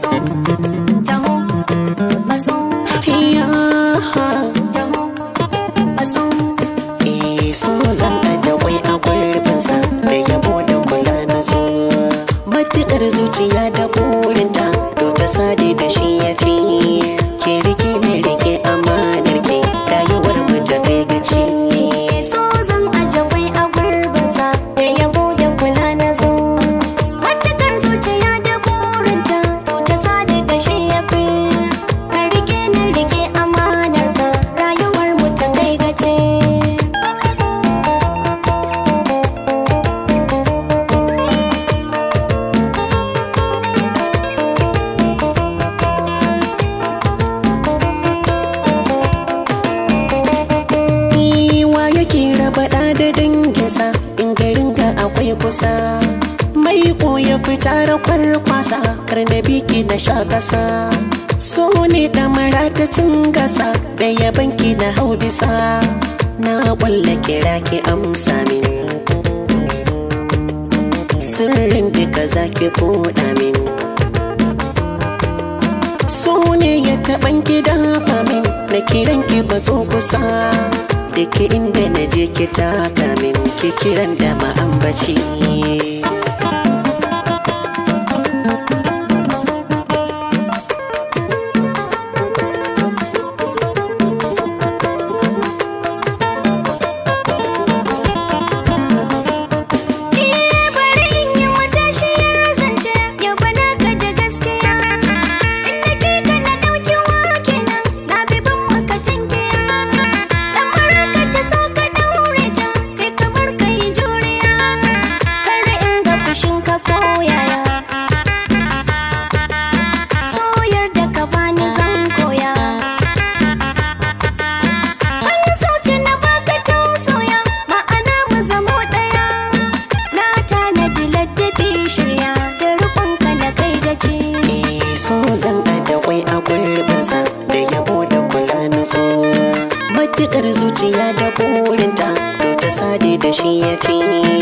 corazón. kusa mai ya fita da kwarkwasa kar na biki na sha kasa so ne da maratacin cin gasa da yaban ki na hau bisa na kwalla kira ki amsa min sirrin duka za ki buɗa min so ne ya taɓan ki dafa min na kiran ki ba kusa da ke inda na je ki taka min ki kiran da ma'a 情。wasa da shi ya fi ni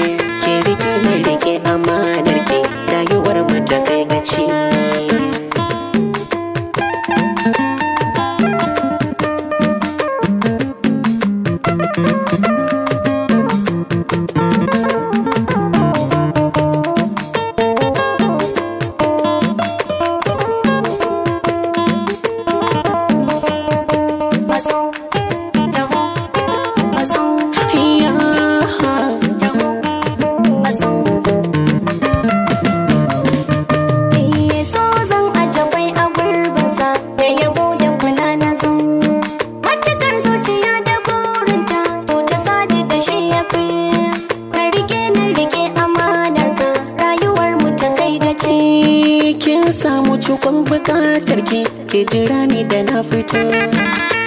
daki ki jira ni da na fito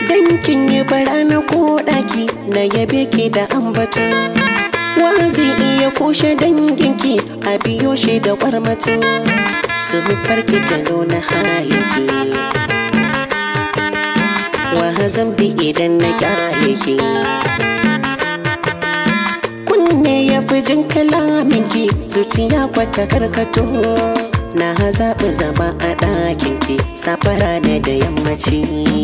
dan kin yi bara na ko ki na yabe ki da ambato wa zai iya kushe ki a biyo shi da kwarmato su farki ta nuna ki. wa zan bi idan na kyale ki kunne ya fi jin ki zuciya kwata karkato na zaɓi zama a ɗakin ki safara ne da yammaci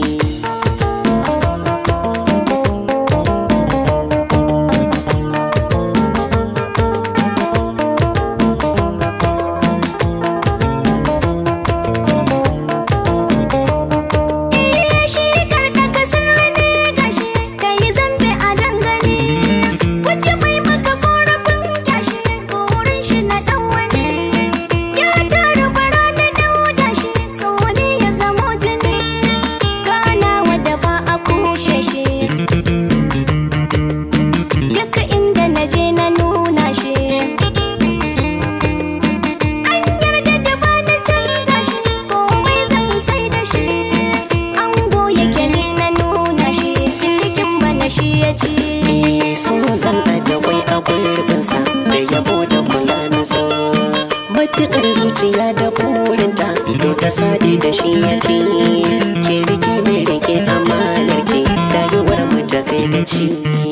so zan aje kwai a gurbinsa da yabo da kula na so matuƙar zuciya da burinta to ta sadi da shi ya fi ki rike ne rike amanar ki rayuwar mu ta kai da ciki.